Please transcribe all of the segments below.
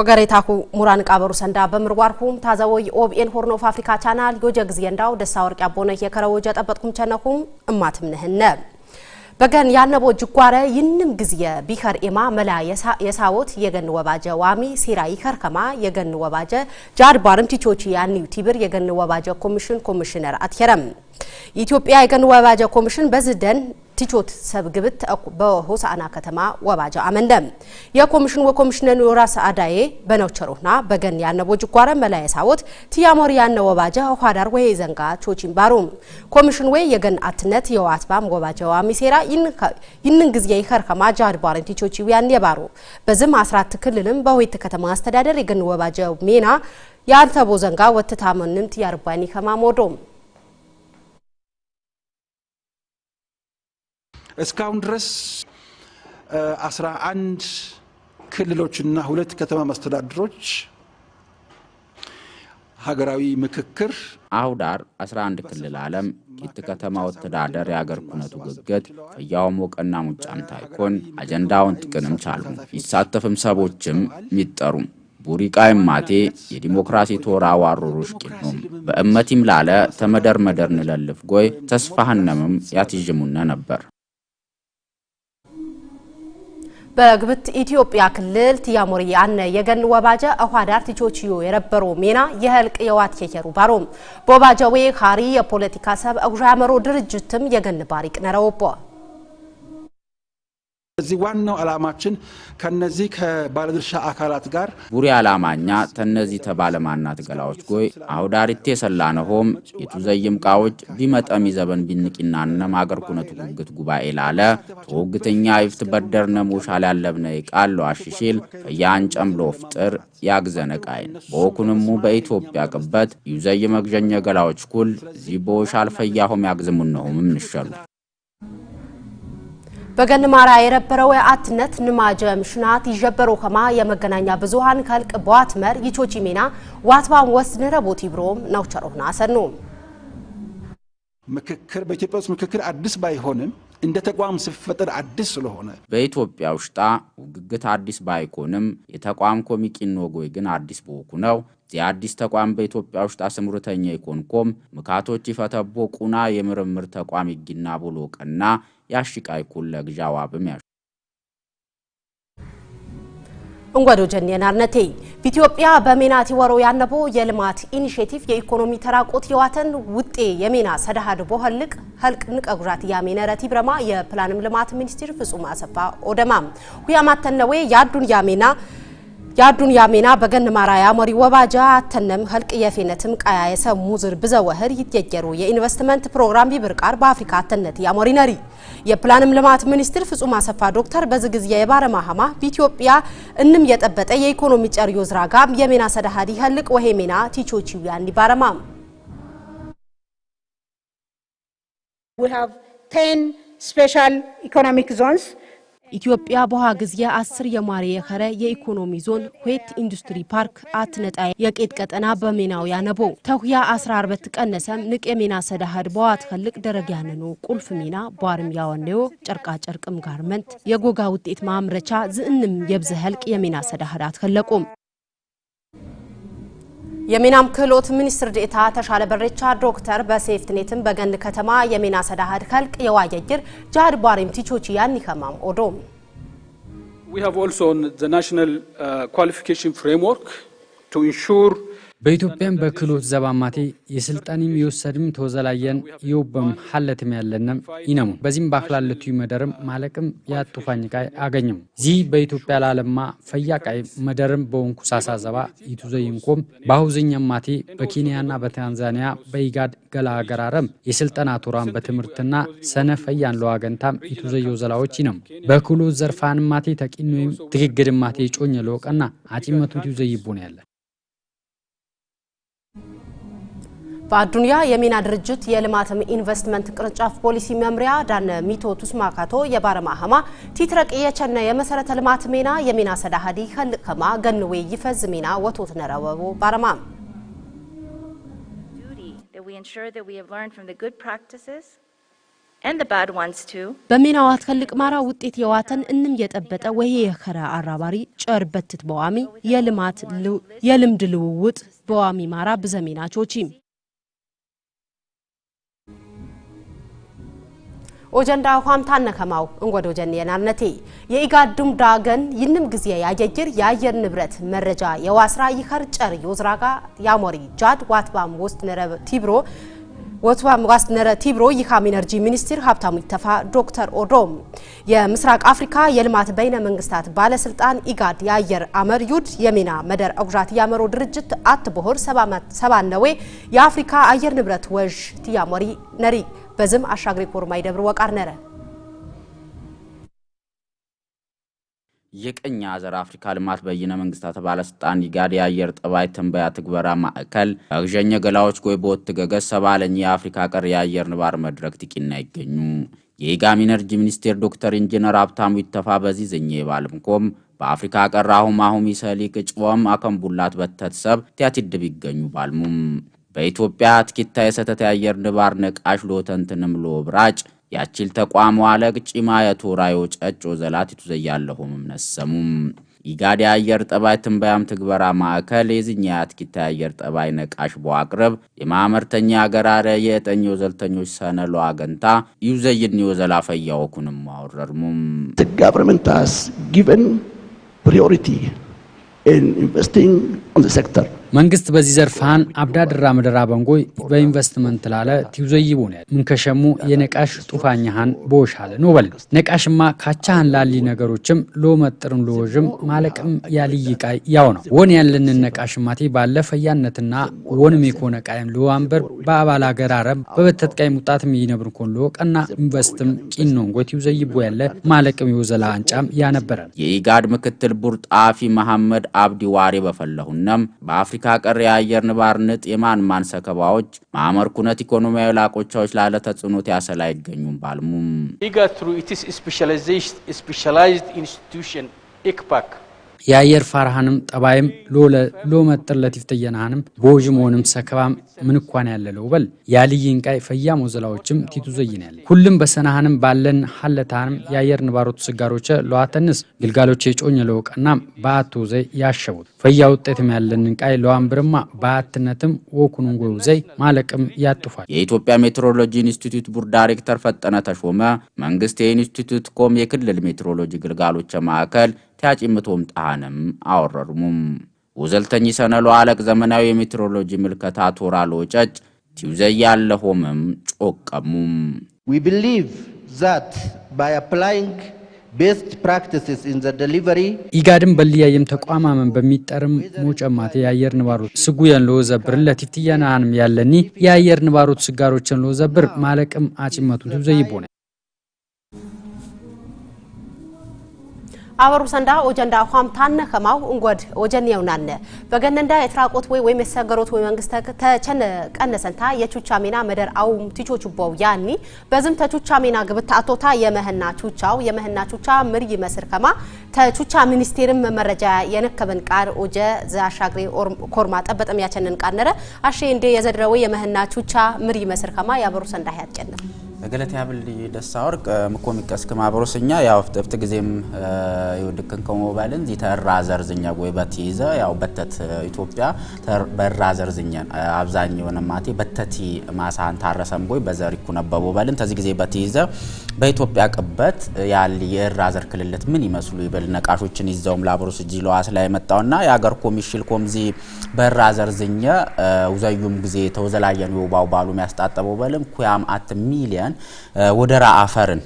ወገሬታኩ ሙራን ቃበሩ ሰንዳ በምርዋርኩም ታዘወይ ኦብኤን ሆርን ኦፍ አፍሪካ ቻናል ዮጀ ጊዜ እንዳው ደሳ ወርቅ ያቦነ የከረወጀ ጠበጥኩም ቸነኩም እማትም ነህነ በገን ያነቦ ጅጓረ ይንም ጊዜ ቢከር ኤማ መላ የሳቦት የገን ወባጀ ዋሚ ሴራ ይከር ከማ የገን ወባጀ ጃድ ባርም ቲቾቺ ያኒው ቲብር የገን ወባጀ ኮሚሽን ኮሚሽነር አትየረም ኢትዮጵያ የገን ወባጀ ኮሚሽን በዝደን ትቾት ሰብ ግብት በሆሳዕና ከተማ ወባጃ አመንደም የኮሚሽን ወኮሚሽነን ራስ አዳዬ በነውቸሮና በገን ያነ ቦጅጓረ መላየ ሳቦት ትያሞር ያነ ወባጃ ኋዳር ወይ ዘንጋ ቾቺን ባሩም ኮሚሽን ወይ የገን አትነት የዋትባም ወባጃ ዋሚሴራ ይንን ጊዜ ይከርከማ ጃድባርን ቲቾቺ ያን የባሩ በዝም አስራት ክልልም በሆይት ከተማ አስተዳደር የገን ወባጃ ሜና የአንተቦ ዘንጋ ወትታመንም ትያርባኒ ከማሞዶም እስካሁን ድረስ አስራ አንድ ክልሎችና ሁለት ከተማ መስተዳድሮች ሀገራዊ ምክክር አሁዳር 11 ክልል ዓለም ኪት ከተማ ወተዳደር የአገር ኩነቱ ግግት ከያውም ወቀና ሙጫም ታይኮን አጀንዳውን ጥቅንም ቻሉ ይሳተፍም ሰቦችም ሚጠሩ ቡሪቃ ማቴ የዲሞክራሲ ቶራ ዋሮሮሽ ቂኑም በእመቲም ላለ ተመደር መደር ንለልፍ ጎይ ተስፋህነምም ያትዥሙነ ነበር በግብት ኢትዮጵያ ክልል ቲያሞሪ አነ የገን ወባጀ አኋዳር ቲቾችዮ የረበሮ ሜና የህልቅ የዋት የየሩ ባሮ ቦባጀዌ ሀሪ የፖለቲካ ሰብ አጉራመሮ ድርጅትም የገን ባሪቅ ነረውቦ እዚህ ዋናው ዓላማችን ከነዚህ ከባለድርሻ አካላት ጋር ቡሪ አላማኛ ተነዚህ ተባለማና ትገላዎች ጎይ አውዳሪቴ ሰላነሆም የቱዘይም ቃዎች ቢመጠም ይዘበን ቢንቂናነም አገር ኩነቱ ጉግት ጉባኤ ላለ ተወግተኛ ይፍት በደርነም ውሻል ያለብነ ቃሎ አሽሽል ፈያን ጨምሎ ፍጥር ያግዘነ ቃይን በወኩንሙ በኢትዮጵያ ቅበት ዩዘይ መግዠኛ ገላዎች ኩል ዚቦሻል ፈያሆም ያግዝሙነሆም እንሸሉ በገንማራ የረበረው አትነት ንማጀ ምሽናት ይጀበሮ ኸማ የመገናኛ ብዙሃን ከልቅ በዋትመር ይቾቺ ሜና ዋትባን ወስድ ንረቦት ይብሮም ናውቸሮና አሰኑ ምክክር በኢትዮጵያ ውስጥ ምክክር አዲስ ባይሆንም እንደ ተቋም ሲፈጠር አዲስ ስለሆነ በኢትዮጵያ ውሽጣ ውግግት አዲስ ባይኮንም የተቋም ኮሚቂን ወጎይ ግን አዲስ በወኩ ነው የአዲስ ተቋም በኢትዮጵያ ውሽጣ ስምርተኛ ኢኮንኮም ምካቶች ይፈተቦ ቁና የምርምር ተቋም ይጊና ቦሎቀና ያሽቃይ yaashiqaa gijaa waabameesha. እንጓዶ ጀኔን አርነቴ ኢትዮጵያ በሜናት ወሮ ያነቦ የልማት ኢኒሼቲቭ የኢኮኖሚ ተራቆት የዋተን ውጤ የሜና ሰደሃድ ቦህልቅ ህልቅ ንቀጉራት ያሜነረት ይብረማ የፕላንም ልማት ሚኒስትር ፍጹም አሰፋ ኦደማም ሁያማተነዌ ያዱን ያሜና የአዱንያ ያሜና በገን ማራያ ሞሪ ወባጃ አተነም ህልቅ የፌነትም ቀያ የሰሙ ዝር ብዘወህር ይትየጀሩ የኢንቨስትመንት ፕሮግራም ቢብርቃር በአፍሪካ አተነት ያሞሪ ነሪ የፕላንም ልማት ሚኒስትር ፍጹም አሰፋ ዶክተር በዝግዝያ የባረማሃማ በኢትዮጵያ እንም የጠበጠ የኢኮኖሚ ጨርዮ ዝራጋም የሜና ሰዳሃዲ ህልቅ ወሄ ሜና ቲቾቺውያን ሊባረማም We have 10 special ኢትዮጵያ በውሃ ጊዜ አስር የማሪ የኸረ የኢኮኖሚ ዞን ሁት ኢንዱስትሪ ፓርክ አትነጣ የቄጥ የቄት ቀጠና በሜናው ያነቦ ተኩያ 14 ቀነሰም ንቅ የሜና ሰዳህድ በዋ ትኸልቅ ደረግ ያነኑ ቁልፍ ሜና ቧርም ያወነዮ ጨርቃ ጨርቅም ጋርመንት የጎጋ ውጤት ማምረቻ ዝእንም የብዝ ህልቅ የሜና ሰዳህድ አትኸለቁም የሚናም ክህሎት ሚኒስትር ዴኤታ ተሻለ በሬቻ ዶክተር በሴፍትኔትም በገን ከተማ የሚና ሰዳሃድ ከልቅ የዋየጅር ጃድ ባሪም ቲቾች ያን ይከማም ኦዶ We have also the national uh, qualification framework to ensure በኢትዮጵያም በክሎት ዘባማቴ የስልጣኒም የወሰድም ተወዘላየን የውበም ሀለትም ያለንም ይነሙ በዚህም ባክላለቱ መደርም ማለቅም ያጡፋኝ ቃይ አገኝም ዚህ በኢትዮጵያ ላለማ ፈያቃይ መደርም በወንኩ ሳሳ ዘባ ይቱዘይንቆም በአሁዘኛም ማቴ በኬንያና በታንዛኒያ በኢጋድ ገላ አገራረም የስልጠና ቱራን በትምህርትና ሰነ ፈያን ለዋገንታም ይቱዘየው ዘላዎች ይነሙ በክሎት ዘርፋንም ማቴ ተቂኖይም ትግግድም ማቴ ጮኝ ለወቀና አጪመቱ ይቱዘይቦን ያለን በአዱኒያ የሚና ድርጅት የልማትም ኢንቨስትመንት ቅርንጫፍ ፖሊሲ መምሪያ ዳነ ሚቶ ቱስማካቶ የባረማ ሀማ ቲትረቅ የቸነ የመሰረተ ልማት ሜና የሚና ሰዳሃዲ ከልከማ ገንዌ ይፈዝ ሜና ወቶት ነረበቡ ባረማ በሜናዋ ትከልቅ ማራ ውጤት የዋተን እንም የጠበጠ ወይ የከራ አራባሪ ጨር በትት በዋሚ የልማት የልምድ ልውውጥ በዋሚ ማራ ብዘሜና ቾቺም ኦጀንዳ ኳምታነ ነከማው እንጎዶ ጀን ነቴ የኢጋድ ዱምዳ ገን ይንም ጊዜ ያየጅር የአየር ንብረት መረጃ የዋስራ ጨር ዮዝራጋ ያሞሪ ጃድ ዋትባም ወስት ነረብ ቲብሮ ወትባም ዋስት ነረ ቲብሮ ይካም ኢነርጂ ሚኒስትር ሀብታሙ ይተፋ ዶክተር ኦዶም የምስራቅ አፍሪካ የልማት በይነ መንግስታት ባለስልጣን ኢጋድ የአየር አመር ዩድ የሚና መደር አጉራት ያመሮ ድርጅት አት ቦሆር ሰባነዌ የአፍሪካ አየር ንብረት ወዥ ቲያሞሪ ነሪ በዝም አሻግሪ ኮርማ ይደብር ወቃር ነረ የቀኝ አዘር አፍሪካ ልማት በይነ መንግስታት ባለስልጣን ኢጋድ የአየር ጠባይ ትንበያ ትግበራ ማዕከል አግዠኘ ገላዎች ጎይቦት ትገገስ ሰባለኝ የአፍሪካ ቀር የአየር ንባር መድረክ ጥቂና ይገኙ የኢጋም ኢነርጂ ሚኒስቴር ዶክተር ኢንጂነር ሀብታሙ ይተፋ በዚህ ዘኘ ባልምኮም በአፍሪካ ቀር አሁም አሁም ይሰሊቅ ጭቦም አከምቡላት በተትሰብ ቲያቲድብ ይገኙ ባልሙም በኢትዮጵያ ትኪታ የሰተተ የአየር ንባር ነቃሽ ሎተንትንም ሎብራጭ ያቺል ተቋሙ አለቅ ጪማ የቶራዮ ጨጮ ዘላቲቱ ዘያለሁም ነሰሙም ኢጋድ የአየር ጠባይ ትንበያም ትግበራ ማዕከል የዝኛ ያትኪታ የአየር ጠባይ ነቃሽ በአቅርብ የማመርተኛ አገራረ የጠኝ ወዘልተኞች ሰነሎ አገንታ ይውዘይድን ወዘላ ፈያወኩንም አወረርሙም The government has given priority in investing on the sector. መንግስት በዚህ ዘርፋን አብዳድራ መደራ በንጎይ በኢንቨስትመንት ላለ ቲዩዘይቦ ነው ምንከሸሙ የነቃሽ ጡፋኛሃን ቦሻለ ነው በል ነቃሽማ ካቻህን ላሊ ነገሮችም ሎመጥርን ሎዥም ማለቅም ያልይቃይ ያው ነው ወን ያለንን ነቃሽማቴ ባለ ፈያነትና ወን ሜኮ ነቃይም ሎዋንበር በአባል ሀገር አረም በበተጥቃይ ሙጣት የሚነብር ኮን ሎ ቀና ኢንቨስትም ቂን ነው እንጎ ቲዩዘይቦ ያለ ማለቅም የወዘላ አንጫም ያነበረ የኢጋድ ምክትል ቡር ጣፊ መሐመድ አብዲ ዋሬ በፈለሁነም በአፍሪካ አፍሪካ ቀር የአየር ንባር ንጥ ማን ሰከባዎች ማዕመር ኩነት ኢኮኖሚያዊ ላቆቻዎች ላለ ተጽዕኖት ያሰላ አይገኙም ባልሙም ኢጋ ትሩ ኢትስ ስፔሻላይዝድ ኢንስቲትዩሽን ኢክፓክ የአየር ፋርሃንም ጠባይም ሎመጥር ለቲፍ ተየናሃንም ቦዥ መሆንም ሰከባም ምንኳን ያለለው በል ያልይን ቃይ ፈያ ሞዘላዎችም ቲቱ ዘይን ያለ ሁሉም በሰናሃንም ባለን ሀለታንም የአየር ንባሮቱ ስጋሮች ለዋተንስ ግልጋሎች የጮኝ ለውቀና በአቶ ዘይ ያሸቡት ፈያ ውጤትም ያለንን ቃይ ለዋንብርማ ብርማ በአትነትም ወኩኑንጎ ዘይ ማለቅም ያጥፋል። የኢትዮጵያ ሜትሮሎጂ ኢንስቲትዩት ቡር ዳይሬክተር ፈጠነ ተሾመ መንግስት የኢንስቲትዩት ኮም የክልል ሜትሮሎጂ ግልጋሎች ማዕከል ቲያጭምቶም ጣንም አወረርሙም ወዘልተኝ ሰነሎ አለቅ ዘመናዊ የሜትሮሎጂ ምልከታ ቶራሎ ጨጭ ቲውዘይ ያለ ሆመም ጮቀሙም we believe that by applying best practices in the delivery ኢጋድም በልያየም ተቋማመን በሚጠርም ሞጨማት የአየር ንባሮት ስጉ ያን ለወዘብርን ለቲፍትያናህንም ያለኒ የአየር ንባሮት ስጋሮችን ለወዘብር ማለቅም አጭመቱ ትብዘይቦነ አበሩ ሰንዳ ኦጀንዳ ታነ ከማው እንጎድ ኦጀን ናነ በገነንዳ የትራቆት ወይ ወይም የሰገሮት ወይ መንግስት ተቸነ ቀነሰንታ የቹቻ ሜና መደር አው ቲቾቹ ቦው ያኒ በዝም ተቹቻ ሜና ግብት አቶታ የመህና ቹቻው የመህና ቹቻ ምር ይመስር ከማ ተቹቻ ሚኒስቴርም መረጃ የነከበን ቃር ኦጀ ዘአሻግሬ ኮርማ ጠበጠም ያቸነን ቃር ነረ አሼ እንዴ የዘድረው የመህና ቹቻ ምር ይመስር ከማ ያበሩ ሰንዳ ያጨነ ገለቴ ያብል ደሳ ወርቅ ምኮ ሚቀስክ ማብሮስኛ ያው ፍጥፍት ጊዜም ይወድክን ከሞባይልን ዚ ተራ ዘርዝኛ ጎይ በት ይዘ ያው በተት ኢትዮጵያ በራ ዘርዝኛ አብዛኝ የሆነ ማቴ በተቲ ማሳን ታረሰም ወይ በዘሪኩ ነበር ሞባይልን ተዚ ጊዜ በት ይዘ በኢትዮጵያ ቅበት ያል የራ ዘር ክልለት ምን ይመስሉ ይበል ነቃሾችን ይዘውም ላብሮስ እጂ ለዋስ ላይ መጣውና ያገር ኮሚሽል ኮምዚ በራ ዘርዝኛ ውዘዩም ጊዜ ተወዘላየን ወባው ባሉ ሚያስጣጠበው በልም ኩያም አት ሚሊየን man. ወደራ አፈርን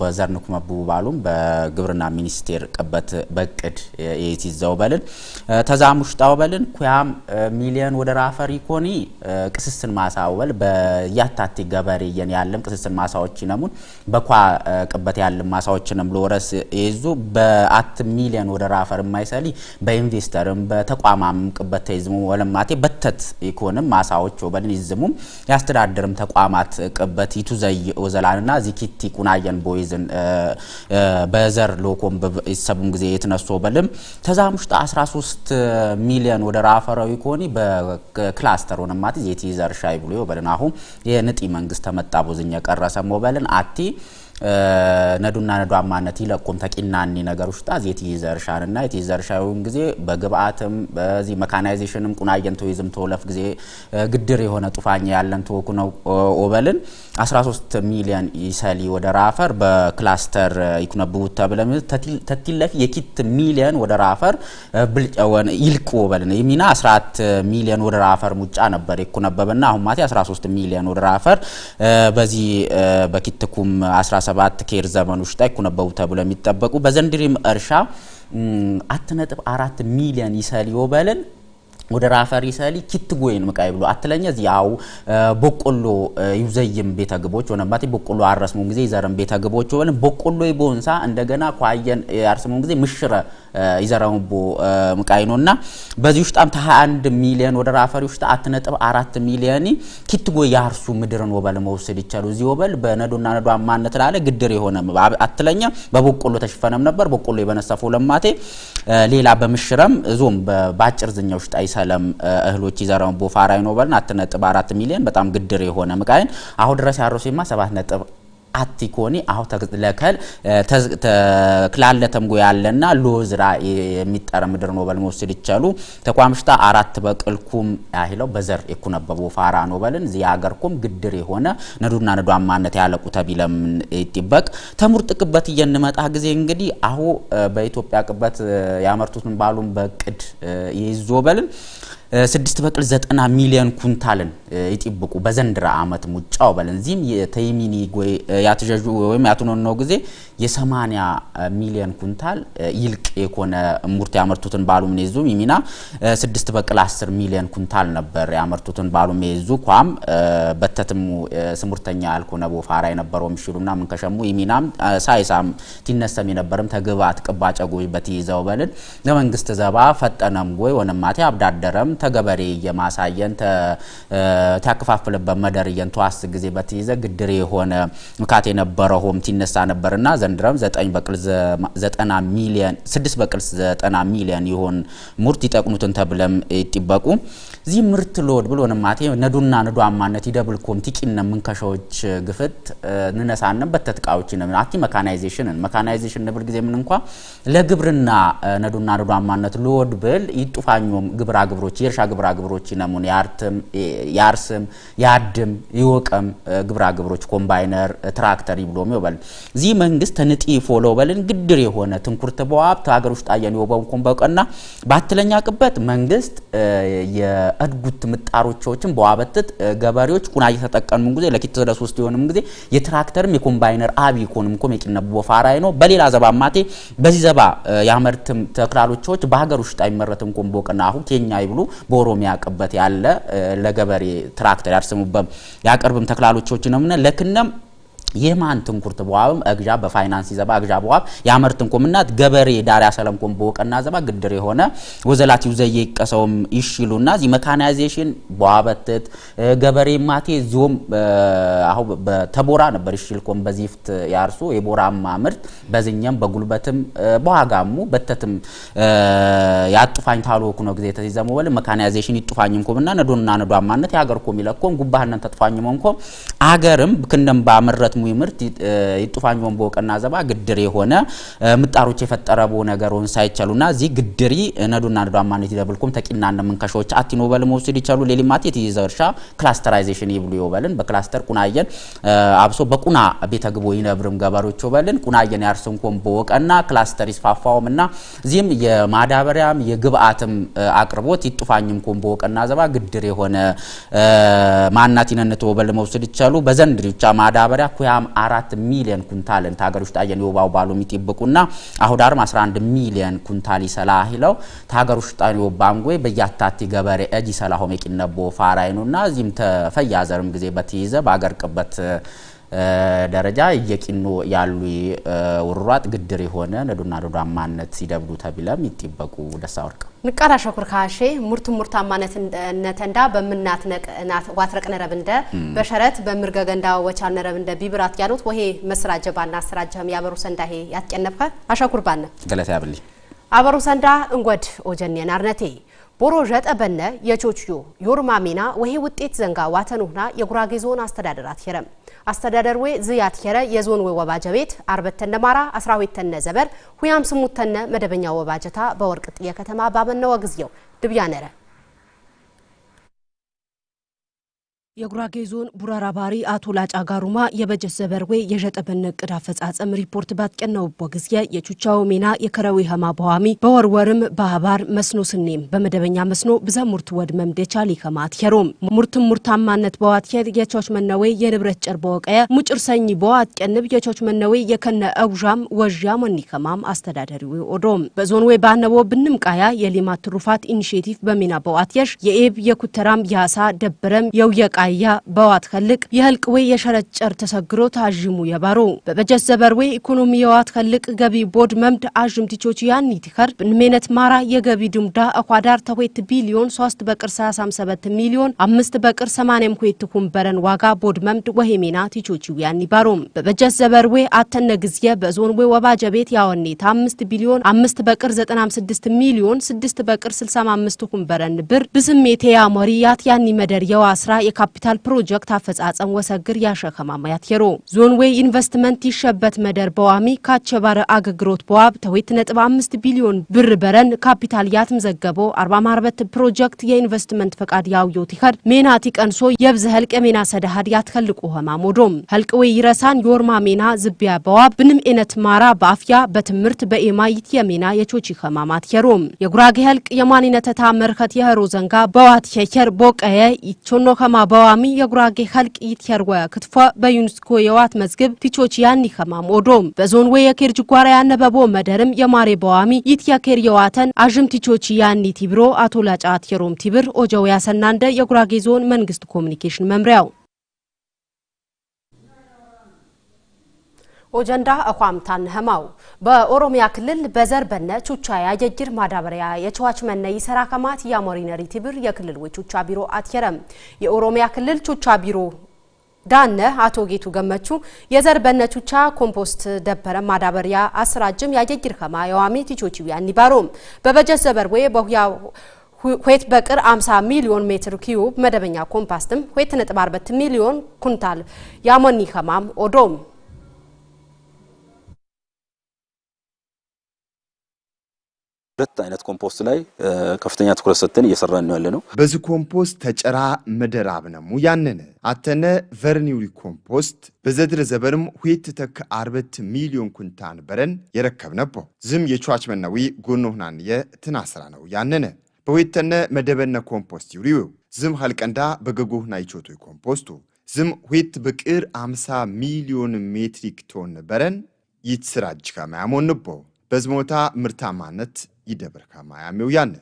በዘርንኩ መቡ በግብርና ሚኒስቴር ቀበት በቅድ የትይዘው በልን ተዛሙሽጣው በልን ኩያም ሚሊዮን ወደራ አፈር ይኮኒ ቅስስን ማሳው በያታቲ ገበሬ የን ያለም ቅስስን ማሳዎች ነሙን በኳ ቀበት ያለም ማሳዎችንም ለወረስ ይዙ በአት ሚሊዮን ወደራ አፈር የማይሰሊ በኢንቨስተርም በተቋማም ቀበት ተይዝሙ ወለማቴ በተት ኢኮንም ማሳዎች በልን ይዝሙም ያስተዳድርም ተቋማት ቀበት ለቲቱ ወዘላንና ዚኪቲ ቁናየን ቦይዝን በዘር ሎኮም ይሰቡም ጊዜ የትነሶ በልም ተዛም ውሽጥ 13 ሚሊዮን ወደ ራፈራዊ ኮኒ በክላስተር ሆነ ማቲ ዜቲ ዘርሻይ ብሎ በልን አሁን የንጢ መንግስት ተመጣ ቦዝኛ ቀረሰ ሞበልን አቲ ነዱና ነዷማነት ይለቁም ተቂና ኒ ነገር ነገሮች ጣዝ የትይዘርሻን እና የትይዘርሻውን ጊዜ በግብአትም በዚህ መካናይዜሽንም ቁናየን ቱሪዝም ተወለፍ ጊዜ ግድር የሆነ ጡፋኛ ያለን ተወኩ ነው ኦበልን 13 ሚሊዮን ይሰሊ ወደ ራፈር በክላስተር ይኩነብው ተብለም ተቲለፊ የኪት ሚሊዮን ወደ ራፈር ብልጫወን ይልቁ ኦበልን የሚና 14 ሚሊዮን ወደ ራፈር ሙጫ ነበር ይኩነበበና አሁን ማቴ 13 ሚሊዮን ወደ ራፈር በዚህ በኪትኩም 1 17 ኬር ዘመኖች ላይ ኩነበቡ ተብሎ የሚጠበቁ በዘንድሪም እርሻ 4.4 ሚሊዮን ይሰል ወበልን ወደ ራፈር ይሰሊ ኪትጎይን ምቃይ ብሎ አትለኛ ያው በቆሎ ይዘይም ቤተ ግቦች ማቲ በቆሎ አረስሙን ጊዜ ይዘረም ቤተ ግቦች ወበልን በቆሎ ይቦንሳ እንደገና ኳየን አርስሙ ጊዜ ምሽረ ይዘራውቦ ምቃይኖ እና በዚህ ውሽጣም ተ21 ሚሊዮን ወደ ራፈሪ ውሽጣ አራት ሚሊዮን ኪትጎ ያርሱ ምድርን ወበል መውሰድ ይቻሉ እዚህ ወበል በነዶና ነዶ አማነት ላለ ግድር የሆነ አትለኛ በበቆሎ ተሽፈነም ነበር በቆሎ የበነሰፈው ለማቴ ሌላ በምሽረም እዞም በአጭር ዝኛ ውሽጣ አይሰለም እህሎች ይዘራውቦ ፋራይኖ በልን አራት ሚሊዮን በጣም ግድር የሆነ ምቃይን አሁን ድረስ ያርሱ ማ ነጥብ አቲኮኒ አሁ ተክለከል ተክላለ ተምጎ ያለና ሎዝራ የሚጠረ ምድር ኖበል መውሰድ ይቻሉ ተቋምሽታ አራት በቅልኩም ያህለው በዘር የኩነበቦ ፋራ ኖበልን እዚ ያገርኩም ግድር የሆነ ነዱና ነዱ አማነት ያለቁ ተቢለም ይጥበቅ ተሙር ጥቅበት እየንመጣ ጊዜ እንግዲህ አሁ በኢትዮጵያ ቅበት ያመርቱትን ባሉን በቅድ ይዞበልን ስድስት በቅል ዘጠና ሚሊዮን ኩንታልን ይጥብቁ በዘንድራ አመት ሙጫው በለን ዚህም የተይሚኒ ያትጀዡ ወይም ያትኖነው ጊዜ የ80 ሚሊዮን ኩንታል ይልቅ የኮነ ምርት ያመርቱትን ባሉም ኔዙም ይሚና ስድስት በቅል 10 ሚሊዮን ኩንታል ነበር ያመርቱትን ባሉም ኔዙ ኳም በተትሙ ስሙርተኛ ያልኮነ ቦፋራ የነበረው ምሽሉና ምን ከሸሙ ይሚናም ሳይሳም ቲነሰም የነበርም ተግባት ቅባጨ ጎይ በትይዘው በልን ለመንግስት ዘባ ፈጠነም ጎይ ወነማቴ አብዳደረም ተገበሬ የማሳየን ተያከፋፍልበት መደር እየን ተዋስ ጊዜ በትይዘ ግድሬ የሆነ ምካት የነበረውም ትነሳ ነበርና ዘንድረም 9 በቅል 90 ሚሊዮን 6 በቅል 90 ሚሊዮን ይሆን ሙርት ይጠቅኑትን ተብለም ይጥበቁ ዚ ምርት ሎድ ብሎ ነማቴ ነዱና ነዱ አማነት ኮም ቲቂነ ምንከሻዎች ግፍት ንነሳነ በተጥቃዎች ነን አቲ መካናይዜሽንን መካናይዜሽን ንብል ጊዜ ምን እንኳ ለግብርና ነዱና ነዱ አማነት ሎድ ብል ይጡፋኞም ግብራ ግብሮች የእርሻ ግብራ ግብሮች ይነሙን ያርትም ያርስም ያድም ይወቀም ግብራ ግብሮች ኮምባይነር ትራክተር ይብሎም ይወበል እዚ መንግስት ፎሎ በልን ግድር የሆነ ትንኩርት በዋብት ሀገር ውስጥ አየን ይወበም ኮምበቀና ባትለኛ ቅበት መንግስት የእድጉት ምጣሮቾችን በዋበትት ገበሬዎች ቁና እየተጠቀሙ ጊዜ ለኪት ስለ ሶስት የሆንም ጊዜ የትራክተርም የኮምባይነር አብ ኢኮኖሚ ኮም የቂነቡ በፋራይ ነው በሌላ ዘባ ማቴ በዚህ ዘባ ያመርትም ተክላሎቾች በሀገር ውስጥ አይመረትም ኮምቦቀና አሁን ኬኛ ይብሉ በኦሮሚያ ቅበት ያለ ለገበሬ ትራክተር ያርስሙበም ያቀርብም ተክላሎቾችንም ለክነም የማን ትንኩርት በዋብም እግዣ በፋይናንስ ይዘባ እግዣ በዋብ ያመር ትንኩምናት ገበሬ ዳሪያ ሰለምኮም በወቀና ዘባ ግድር የሆነ ወዘላት ይዘየ ይቀሰውም ይሽሉና ዚ መካናይዜሽን በዋበትት ገበሬ ማቴ ዞም አሁ በተቦራ ነበር ይሽልኮም በዚፍት ያርሱ የቦራ ማምርት በዝኛም በጉልበትም በዋጋሙ በተትም ያጥፋኝ ታሎ ኩኖ ጊዜ ተዘሙ ወለ መካናይዜሽን ይጥፋኝም ኩምና ነዶና ነዶ አማነት ያገርኩም ኮም ይለኮም ጉባህነን ተጥፋኝም ኮም አገርም ክንደም ባመረት ስሙ ምርት ይጡፋኝ ወንቦ ቀና ዘባ ግድር የሆነ ምጣሮች የፈጠረቡ ነገሮን ሳይቻሉና እዚ ግድሪ ነዱና ነዱ አማነት ይደብልኩም ተቂና እና መንከሾች አቲኖ በል መውሰድ ይቻሉ ሌሊማት የትይዘው እርሻ ክላስተራይዜሽን ይብሉ ይወበልን በክላስተር ቁናየን አብሶ በቁና ቤተግቦ ይነብርም ገበሮች ይወበልን ቁናየን ያርሰን ኮምቦ ወቀና ክላስተር ይስፋፋውምና እዚህም የማዳበሪያም የግብአትም አቅርቦት ይጡፋኝም ኮምቦ ወቀና ዘባ ግድር የሆነ ማናት ይነነተው በል መውሰድ ይቻሉ በዘንድሪቻ ማዳበሪያ ኩያ አራት ሚሊዮን ኩንታልን ታገር ውሽጥ አየን ይወባው ባሉ የሚጠብቁና አሁዳርም 11 ሚሊዮን ኩንታል ይሰላ ሂለው ታገር ውሽጥ አየን ወባንጎይ በያታቲ ገበሬ እጅ ሰላሆም የቂነቦ ፋራይኑና እዚህም ተፈያዘርም ጊዜ በትይዘ በአገር ቅበት ደረጃ እየቂኑ ያሉ ውሩራት ግድር የሆነ ነዱና ነዱዳማነት ሲደብሉ ተብለም ይጥበቁ ደሳ ወርቅ ንቃዳ ሸኩር ካሼ ሙርቱ ሙርታማነት ነተንዳ በምናት ነቅናት ዋትረቅ ነረብ እንደ በሸረት እንዳ ወቻል ነረብ እንደ ቢብራት ያሉት ወሄ መስራጀ ባና አስራጀም ያበሩ ሰንዳሄ ያትቀነፈ አሸኩር ባነ ገለታ ያብልኝ አበሩ ሰንዳ እንጎድ ኦጀኔን አርነቴ ቦሮዠ ጠበነ የቾችዮ ዮርማሜና ወሄ ውጤት ዘንጋ ዋተኖና የጉራጌ ዞን አስተዳደር አትሄረ አስተዳደር ወይ ዝያ አትሄረ የዞን ወይ ወባጀ ቤት አርበተነ ማራ አስራዊተነ ዘበር ሁያም ስሙተነ መደበኛ ወባጀታ በወርቅጥየ ከተማ ባመነ ወግዚያው ድብያነረ የጉራጌ ዞን ቡራራ ባሪ አቶ ላጫ ጋሩማ የበጀት ዘበርዌ የዠጠበን እቅድ አፈጻጸም ሪፖርት ባትቀነውቦ ጊዜ የቹቻው ሜና የከረዊ ህማ በዋሚ በወርወርም በአባር መስኖ ስኔም በመደበኛ መስኖ ብዘ ሙርት ወድ መምደቻ ሊከማ አትሄሮም ሙርትም ሙርታማነት በዋትሄድ የቾች መነዌ የንብረት ጨር በወቀየ ሙጭር ሰኝ በዋትቀንብ የቾች መነዌ የከነ እውዣም ወዣም ወኒከማም አስተዳደሪው ኦዶም በዞን ወይ ባነቦ ብንም ቃያ የሊማት ትሩፋት ኢኒሽቲቭ በሜና በዋትየሽ የኤብ የኩተራም ያሳ ደብረም የውየቃ አያ በዋት ከልቅ የህልቅ ወይ የሸረጨር ተሰግሮ ታዥሙ የባሩ በበጀት ዘበር ወይ ኢኮኖሚ የዋት ከልቅ ገቢ ቦድ መምድ አዥም ቲቾች ያን ይትከር ብንሜነት ማራ የገቢ ድምዳ አኳዳር ተዌት ቢሊዮን 3 በቅር 37 ሚሊዮን 5 በቅር 80 ኩዌት ኩምበረን ዋጋ ቦድ መምድ ወሄሜና ቲቾች ያን ይባሩ በበጀት ዘበር ወይ አተነ በዞን ወይ ወባጀ ቤት ያወኔታ 5 ቢሊዮን 5 በቅር 96 ሚሊዮን 6 በቅር 65 ኩምበረን ብር ብስሜቴ ያሞሪያት ያን ይመደር የዋ ስራ የካ ካፒታል ፕሮጀክት አፈጻጸም ወሰግር ያሸከማማ ያትየሮ ዞን ዌይ ኢንቨስትመንት ይሸበት መደር በዋሚ ካቸባረ አግግሮት በዋብ ተዌት ነጥብ አምስት ቢሊዮን ብር በረን ካፒታል ያትም ዘገበው አርባ ማርበት ፕሮጀክት የኢንቨስትመንት ፈቃድ ያውዮት ይኸድ ሜናቲ ቀንሶ የብዝ ህልቅ የሜና ሰደሃድ ያትከልቁ ሆማ ሞዶም ህልቅ ወይ ይረሳን የወርማ ሜና ዝቢያ በዋብ ብንም ኤነት ማራ በአፍያ በትምህርት በኤማይት የሜና የቾቺ ኸማማት የሮም የጉራጌ ህልቅ የማንነተታ መርከት የህሮ ዘንጋ በዋት ሸቸር ቦቀየ ይቾኖ ኸማ በ ተቃዋሚ የጉራጌ ህልቅ ይትየርወ ክትፎ በዩኒስኮ የዋት መዝግብ ቲቾች ያን ይከማም ኦዶም በዞን ወይ የኬር ጅጓራ ያነበቦ መደርም የማሬ በዋሚ ይትያኬር የዋተን አዥም ቲቾች ያን ቲብሮ አቶ ላጫት የሮም ቲብር ኦጀው ያሰናንደ የጉራጌ ዞን መንግስት ኮሚኒኬሽን መምሪያው ኦጀንዳ አኳም ታን በኦሮሚያ ክልል በዘር በነ ቹቻ ያጀጅር ማዳበሪያ የቸዋች መነ ይሰራ ከማት ያሞሪነሪ ትብር የክልል ወይ ቹቻ ቢሮ አትየረም የኦሮሚያ ክልል ቹቻ ቢሮ ዳነ አቶ ጌቱ ገመቹ የዘር በነ ቹቻ ኮምፖስት ደበረ ማዳበሪያ አስራጅም ያጀጅር ከማ የዋሚ ቲቾቺው ያኒባሮም በበጀት ዘበር ወይ በሁያ ሁት በቅር 50 ሚሊዮን ሜትር ኪዩብ መደበኛ ኮምፓስትም ሁት ነጥብ 4 ሚሊዮን ኩንታል ያሞኒ ከማም ኦዶም ሁለት አይነት ኮምፖስት ላይ ከፍተኛ ትኩረት ሰጥተን እየሰራ ነው ያለ ነው። በዚህ ኮምፖስት ተጨራ መደራብ ነሙ ያንን አተነ ቨርኒውሪ ኮምፖስት በዘድረ ዘበርም ሁት ተክ አርበት ሚሊዮን ኩንታን በረን የረከብ ነቦ ዝም የቸዋች መናዊ ጎኖ ሁናን የትናስራ ነው ያንን በሁተነ መደበነ ኮምፖስት ይውሪው ዝም ሀልቀንዳ በገጎ ሁና ይቾቶ ኮምፖስቱ ዝም ሁት ብቅር 50 ሚሊዮን ሜትሪክ ቶን በረን ይትስራጅ ከማያሞንቦ በዝሞታ ምርታማነት ይደብርካ ማያሚው ያን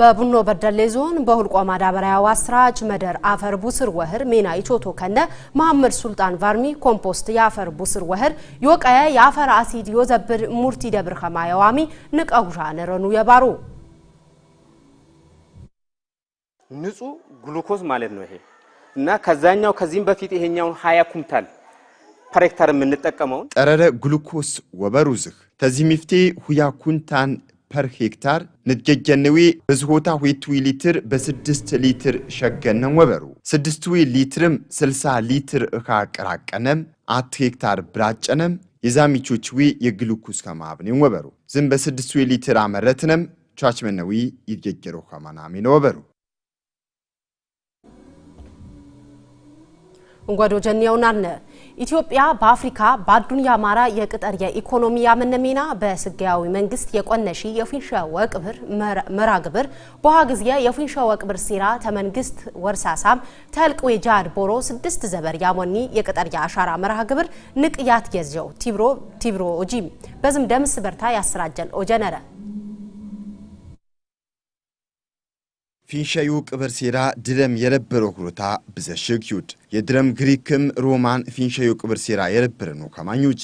በቡኖ በደሌ ዞን በሁልቆ ማዳበሪያ ዋስራጅ መደር አፈር ቡስር ወህር ሜና ኢቾቶ ከነ መሐመድ ሱልጣን ቫርሚ ኮምፖስት የአፈር ቡስር ወህር ዮቀየ የአፈር አሲድ ዮዘብር ሙርቲ ደብር ከማየዋሚ ንቀጉሻ ነረኑ የባሩ ንጹህ ግሉኮዝ ማለት ነው ይሄ እና ከዛኛው ከዚህም በፊት ይሄኛውን ሀያ ኩምታል ፐሬክታር የምንጠቀመውን ጠረረ ግሉኮስ ወበሩዝህ ተዚህ ሚፍቴ ሁያ ኩንታን ፐር ሄክታር ንትጀጀነዌ በዝሆታ ሁትዊ ሊትር በስድስት ሊትር ሸገነን ወበሩ ስድስትዊ ሊትርም ስልሳ ሊትር እካ ቅራቀነም አት ሄክታር ብራጨነም የዛሚቾችዊ የግሉኮስ ከማብኔን ወበሩ ዝም በስድስትዊ ሊትር አመረትነም ቻችመነዊ ይትጀጀሮ ከማናሜነ ወበሩ እንጓዶ ጀኒያውናነ ኢትዮጵያ በአፍሪካ በአዱን ያማራ የቅጠር የኢኮኖሚ ያመነሜና በስጋያዊ መንግስት የቆነሺ የፊንሻ ወቅብር መራግብር በኋ ጊዜ የፊንሻ ወቅብር ሲራ ተመንግስት ወርሳሳም ተልቅ ጃድ ቦሮ ስድስት ዘበር ያሞኒ የቅጠር የአሻራ መራግብር ንቅያት የዘው ቲብሮ ቲብሮ ኦጂም በዝም ደምስ በርታ ያስራጀል ኦጀነረ ፊንሸዩ ቅብር ሴራ ድረም የረበረ ሁሮታ ብዘሽግ ዩድ የድረም ግሪክም ሮማን ፊንሸዩ ቅብር ሴራ የረበረ ነው ከማኞቺ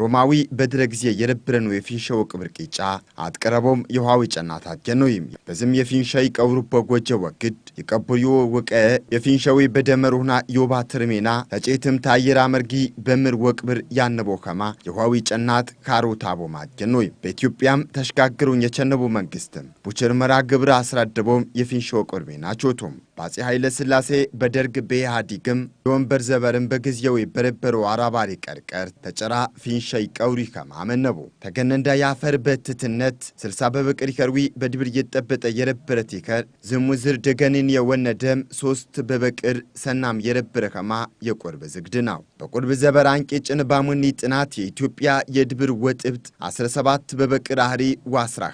ሮማዊ በድረ ጊዜ የነበረ ነው የፊንሸው ቅብር ቂጫ አጥቀረቦም የኋዊ ጨና ታጀ ነው ይም በዝም የፊንሻይ ቀብሩ በጎጀ ወግድ የቀብዩ ወቀ የፊንሸዊ በደመሩና ዮባ ትርሜና ተጨትም ታየራ መርጊ በምር ወቅብር ያነቦ ከማ የኋዊ ጨናት ካሮታቦ ማጀ ነው ይም በኢትዮጵያም ተሽጋግሩን የቸነቡ መንግስትም ቡችር መራ ግብር አስራደቦም የፊንሸው ቅብር ቤና ቾቶም በአጼ ኃይለ ሥላሴ በደርግ በኢህአዲግም የወንበር ዘበርን በጊዜው የበረበሩ አራባሪ ቀርቀር ተጨራ ፊንሸይ ቀውሪ ከማመነቡ ተገነንዳ የአፈር በትትነት ስልሳ በበቅሪ ከርዊ በድብር እየጠበጠ የረበረ ቲከር ዝሙዝር ደገንን የወነ ደም ሶስት በበቅር ሰናም የረበረ ከማ የቁርብ ዝግድ ነው በቁርብ ዘበር አንቂ ጭንባሙኒ ጥናት የኢትዮጵያ የድብር ወጥብት 17 በበቅር አህሪ ዋስራ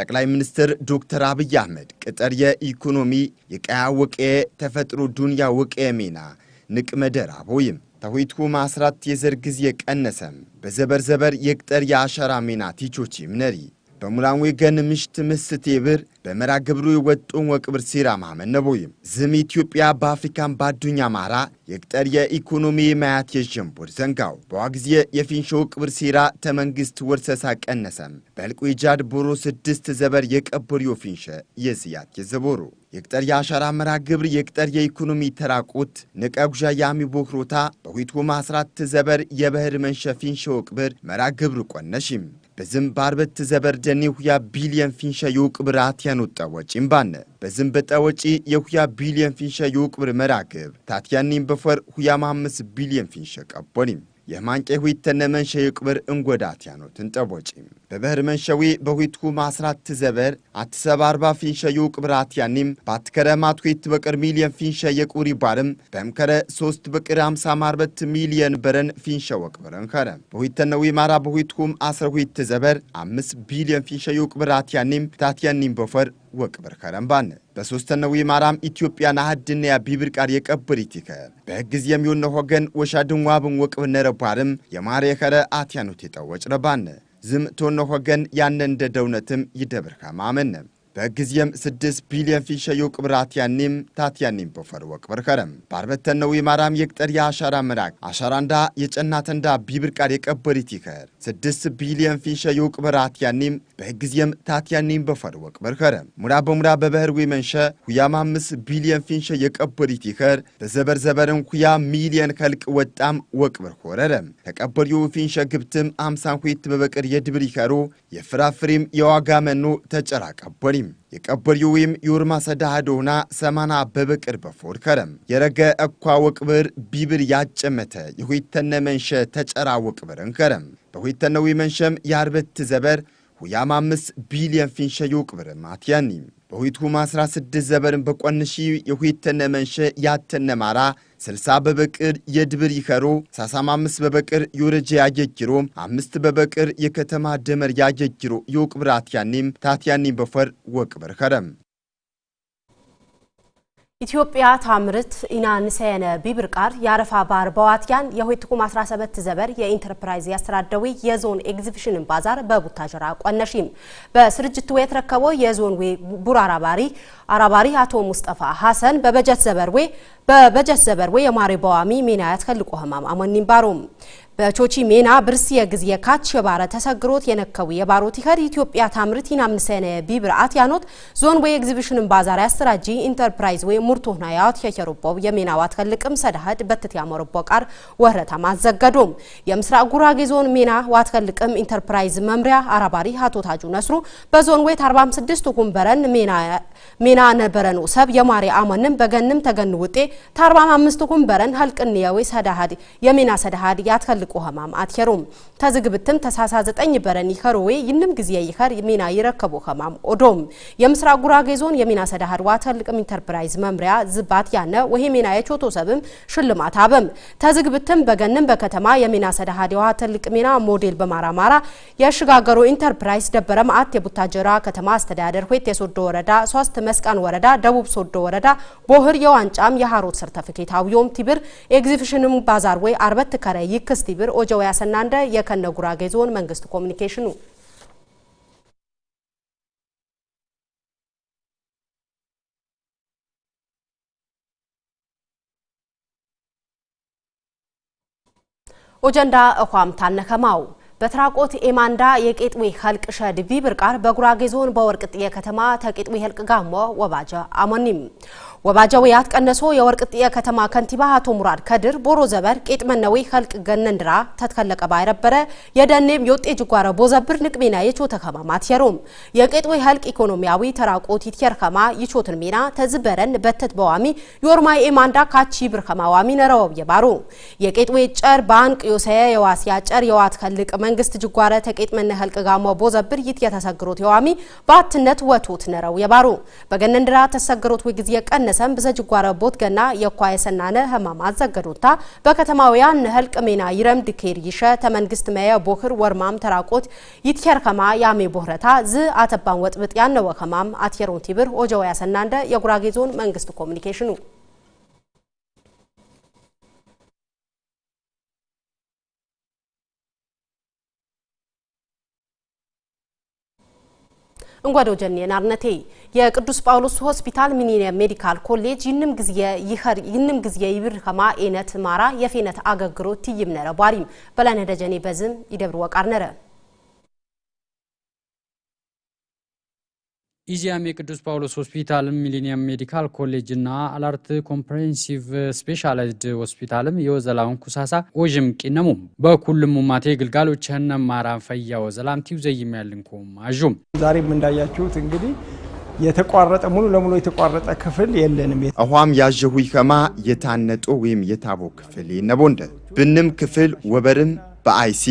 ጠቅላይ ሚኒስትር ዶክተር አብይ አህመድ ቅጠር የኢኮኖሚ የቀያ ውቅኤ ተፈጥሮ ዱንያ ውቅኤ ሜና ንቅመደር አቦይም ታዊቱ ማስራት የዘር ጊዜ ቀነሰም በዘበር ዘበር የቅጠር የአሸራ ሜና ቲቾች ይምነሪ በሙላን ወገን ምሽት ምስት ይብር በመራ ግብሩ ይወጡን ወቅብር ሲራ ማመን ነቦይም ዝም ኢትዮጵያ በአፍሪካን ባዱኛ ማራ የቅጠር የኢኮኖሚ ማያት የጀምቡር ዘንጋው በዋ ጊዜ የፊንሾ ቅብር ሲራ ተመንግስት ወርሰሳ ቀነሰም በልቁ ይጃድ ቦሮ ስድስት ዘበር የቀብር ዮፊንሸ የዝያት የዘቦሩ የቅጠር የአሻራ መራ ግብር የቅጠር የኢኮኖሚ ተራቁት ንቀጉዣ ያሚ ቦክሮታ በዊትሁም አስራት ዘበር የበህር መንሸ ፊንሾ ቅብር መራ ግብር ቆነሽም በዝም በተዘበርደኒው ሁያ ቢሊየን ፊንሸ የውቅብር አትያን ውጠ ወጪም ባነ በዝም በጠ ወጪ የሁያ ቢሊየን ፊንሸ የውቅብር መራክብ ታትያኒም በፈር ሁያ ማምስ ቢሊየን ፊንሸ ቀቦኒም የማንቄ ሁይተነ መንሸ የውቅብር እንጎዳትያኖትን ጠቦጪም በበህር መንሸዊ በሁትኩ ማስራት ዘበር አትሰብ አርባ ፊንሸዩ ቅብራት ያኒም ባትከረ ማትኩት በቅር ሚሊየን ፊንሸ የቁሪ ባርም በምከረ ሶስት በቅር አምሳ ማርበት ሚሊየን በረን ፊንሸ ወቅብረን ከረ በሁተነዊ ማራ በሁትኩም አስረ ሁት ዘበር አምስት ቢሊየን ፊንሸዩ ቅብራት ያኒም ታት ያኒም በፈር ወቅብር ከረምባነ በሶስተነዊ ማራም ኢትዮጵያ ናህድን ቢብር ቃር የቀብር ይቲከ በህግዝ የሚሆነ ሆገን ወሻድን ዋብን ወቅብነረ ባርም የማር የከረ አትያኑት የጠወጭ ረባነ ዝም ቶነ ሆገን ያነ እንደ ደውነትም ይደብር ኸማምን በጊዜም ስድስት ቢሊዮን ፊሸዩ ቅብራት ያኔም ታት ያኔም በፈር ወቅበር ከረም ባርበተነው የማራም የቅጠር የአሻራ ምራቅ አሻራ እንዳ የጨናት እንዳ ቢብርቃር የቀበሪት ይከር ስድስት ቢሊዮን ፊሸዩ ቅብራት ያኔም በጊዜም ታት ያኔም በፈር ወቅበር ከረም ሙራ በሙራ በበህር መንሸ ሁያም አምስት ቢሊዮን ፊንሸ የቀበሪት ይከር በዘበር ዘበርም ሁያ ሚሊየን ከልቅ ወጣም ወቅበር ሆረረም ተቀበሪው ፊንሸ ግብትም አምሳን ሁት በበቅር የድብር ይከሩ የፍራፍሬም የዋጋ መኖ ተጨራቀበር የቀብር ዩዊም ዩርማ ሰዳሃዶና ሰማና በበቅር በፎድ ከረም የረገ እኳ ወቅብር ቢብር ያጨመተ የሁይተነ መንሸ ተጨራ ወቅብርን ከረም በሁይተነዊ መንሸም የአርበት ዘበር ሁያም አምስት ቢሊየን ፊንሸ ይውቅብር ማትያኒ በሁይቱም ስድስት ዘበርን በቆንሺ የሁይተነ መንሸ ያተነ ማራ 60 በበቅር የድብር ይኸሮ 35 በበቅር የወረጀ ያጌጊሮ አምስት በበቅር የከተማ ደመር ያጌጊሮ የወቅብራት ያኔም ታትያኔም በፈር ወቅብር ኸረም ኢትዮጵያ ታምርት ኢናንሰነ ቢብርቃር የአረፋ ባር በዋትያን የሁትኩም 17 ዘበር የኢንተርፕራይዝ ያስተዳደዊ የዞን ኤግዚቢሽንን ባዛር በቡታጀራ ቆነሺም በስርጅቱ የተረከቦ የዞን ዌ ቡር አራባሪ አራባሪ አቶ ሙስጠፋ ሐሰን በበጀት ዘበርዌ በበጀት ዘበርዌ የማሪ በዋሚ ሚናያት ከልቆ ህማም አሞኒም ባሮም በቾቺ ሜና ብርስ የጊዜ የካች የባረ ተሰግሮት የነከው የባሮት ይኸር ኢትዮጵያ ታምርት ይናምሰነ ቢብርአት ያኖት ዞን ወይ ኤግዚቢሽንን ባዛር ያስተራጂ ኢንተርፕራይዝ ወይ ሙርቶና ያት የቸሩቦው የሜናዋት ከልቅም ሰዳህድ በትት ያመረቦ ቃር ወረታ ማዘገዶም የምስራቅ ጉራጌ ዞን ሜና ዋት ከልቅም ኢንተርፕራይዝ መምሪያ አራባሪ አቶ ታጁ ነስሩ በዞን ወይ 46 ኩምበረን ሜና ሜና ነበረን ሰብ የማሪ አመንም በገንም ተገን ውጤ 45 ኩምበረን ሀልቅን የወይ ሰዳህድ የሜና ሰዳህድ ያትከል ሕማም አትሄሩም። ተዝግብትም ተሳሳ ዘጠኝ በረኒ ከሮዌ ይንም ጊዜ ይኸር ሚና ይረከቡ ከማም ኦዶም የምስራቅ ጉራጌ ዞን የሚና ሰዳህር ዋተር ልቅም ኢንተርፕራይዝ መምሪያ ዝባት ያነ ወሄ ሚና የቾቶ ሰብም ሽልማት አበም ተዝግብትም በገንም በከተማ የሚና ሰዳህር ዋተር ልቅ ሜና ሞዴል በማራማራ የሽጋገሩ ኢንተርፕራይዝ ደበረ ማአት የቡታጀራ ከተማ አስተዳደር ሆይት የሶዶ ወረዳ ሶስት መስቃን ወረዳ ደቡብ ሶዶ ወረዳ ቦህር የዋንጫም የሃሮት ሰርተፊኬት አብዮም ቲብር ኤግዚቢሽንም ባዛር ወይ አርበት ከረ ይክስ ቲብር ኦጀው ያሰናንደ የ ከነጉራጌ ዞን መንግስት ኮሚኒኬሽኑ ኦጀንዳ እኳም ታነከማው በትራቆት ኤማንዳ የቄጥዌ ኸልቅሸ ድቢ ብርቃር በጉራጌ ዞን በወርቅጥዬ ከተማ ተቄጥዌ ህልቅ ጋሞ ወባጀ አሞኒም ወባጀ ወያት ቀነሶ የወርቅጥዬ ከተማ ከንቲባ አቶ ሙራድ ከድር ቦሮ ዘበር ቄጥመነዌ ህልቅ ገነንድራ ተትከለቀ ባይረበረ የደኔም የወጤ ጅጓረ ቦዘብር ንቅሜና የቾ ከማማት የሮም የቄጥዌ ህልቅ ኢኮኖሚያዊ ተራቆት ይትየር ከማ ይቾትን ሚና ተዝበረን በተት በዋሚ የኦሮማይ ኤማንዳ ካቺ ብር ከማዋሚ ነረወብ የባሩ የቄጥዌ ጨር ባንቅ ዮሰየ የዋስያ ጨር የዋት ኸልቅ መንግስት ጅጓረ ተቄጥ መነኸልቅ ጋሞ ቦዘብር ይት የተሰግሮት የዋሚ በአትነት ወቶት ነረው የባሩ በገነንድራ ተሰግሮት ጊዜ የቀነሰም ብዘ ጅጓረ ቦት ገና የኳ የሰናነ ህማማት ዘገዶታ በከተማውያን ነህልቅ ሜና ይረም ድኬር ይሸ ተመንግስት መየ ቦክር ወርማም ተራቆት ይትከር ከማ ያሜ ቦህረታ ዝ አተባን ወጥብጥ ያነወ ከማም አትየሮን ቲብር ኦጀው ያሰናንደ የጉራጌ ዞን መንግስት ኮሚኒኬሽኑ እንጓዶ ጀኔ ናርነቴ የቅዱስ ጳውሎስ ሆስፒታል ሚኒኒየም ሜዲካል ኮሌጅ ይንም ግዚየ ይኸር ይንም ግዚየ ይብር ከማ ኤነት ማራ የፌነት አገግሮ ትይም ነረ ቧሪም በላነ ደጀኔ በዝም ይደብር ወቃር ነረ ኢዚያም የቅዱስ ጳውሎስ ሆስፒታልም ሚሊኒየም ሜዲካል ኮሌጅ እና አላርት ኮምፕሬሄንሲቭ ስፔሻላይዝድ ሆስፒታልም የወዘላውን ኩሳሳ ወዥም ቂነሙ በኩልም ሙማቴ ግልጋሎች ህነም ማራን ፈያ ወዘላም ቲው ዘይም ያልንኩም አዡም ዛሬም እንዳያችሁት እንግዲህ የተቋረጠ ሙሉ ለሙሉ የተቋረጠ ክፍል የለንም። አሁም ያዥሁ ይከማ የታነጦ ወይም የታቦ ክፍል ይነቦንደ ብንም ክፍል ወበርም በአይሲ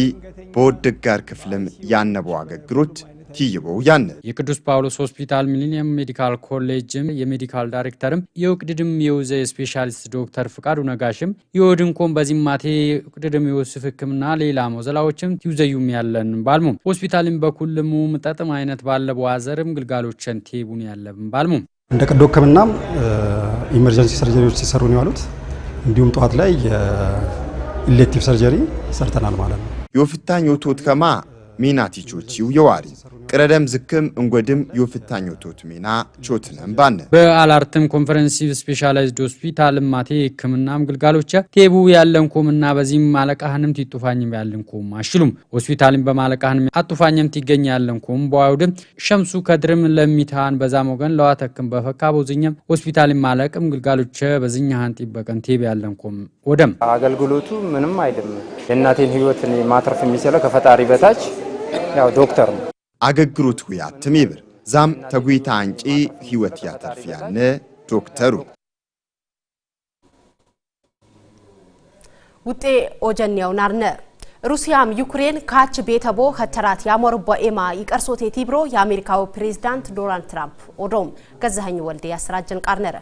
በወደጋር ክፍልም ያነበው አገግሮት ትይበው ያነ የቅዱስ ጳውሎስ ሆስፒታል ሚሊኒየም ሜዲካል ኮሌጅም የሜዲካል ዳይሬክተርም የውቅድድም የውዘ ስፔሻሊስት ዶክተር ፍቃዱ ነጋሽም የወድንኮን በዚማቴ ውቅድድም የወስፍ ህክምና ሌላ መዘላዎችም ትዩዘዩም ያለን ባልሙ ሆስፒታልም በኩልሙ ምጠጥም አይነት ባለ በዋዘርም ግልጋሎችን ቴቡን ያለብን ባልሙ እንደ ቀዶ ህክምናም ኢመርጀንሲ ሰርጀሪዎች ሲሰሩ ነው ያሉት። እንዲሁም ጠዋት ላይ የኢሌክቲቭ ሰርጀሪ ሰርተናል ማለት ነው። የወፍታኝ ወቶት ከማ ሜናቲቾት ይውየዋሪ ቅረደም ዝክም እንጎድም የፍታኞቶት ሜና ቾትነም ባነ በአላርትም ኮንፈረንሲቭ ስፔሻላይዝድ ሆስፒታል ማቴ ህክምናም ግልጋሎች ቴቡ ያለንኩም እና በዚህም ማለቃህንም ቲጡፋኝም ያለንኩም አሽሉም ሆስፒታልም በማለቃህንም አጡፋኝም ቲገኝ ያለንኩም በዋውድም ሸምሱ ከድርም ለሚታን በዛም ወገን ለዋተክም በፈካ ቦዝኛም ሆስፒታልም ማለቅም ግልጋሎች በዚህኛህን በቀን ቴብ ያለንኩም ወደም አገልግሎቱ ምንም አይደለም የእናቴን ህይወትን ማትረፍ የሚችለው ከፈጣሪ በታች ያው ዶክተር ነው። አገግሩት ሁያትም ይብር ዛም ተጉይታ አንጪ ህይወት ያተርፍ ያነ ዶክተሩ ውጤ ኦጀንያው ናርነ ሩሲያም ዩክሬን ካች ቤተቦ ከተራት ያሞርቦ ኤማ ይቀርሶቴ ቲብሮ የአሜሪካው ፕሬዚዳንት ዶናልድ ትራምፕ ኦዶም ገዛኸኝ ወልዴ ያሰራጀን ቃርነረ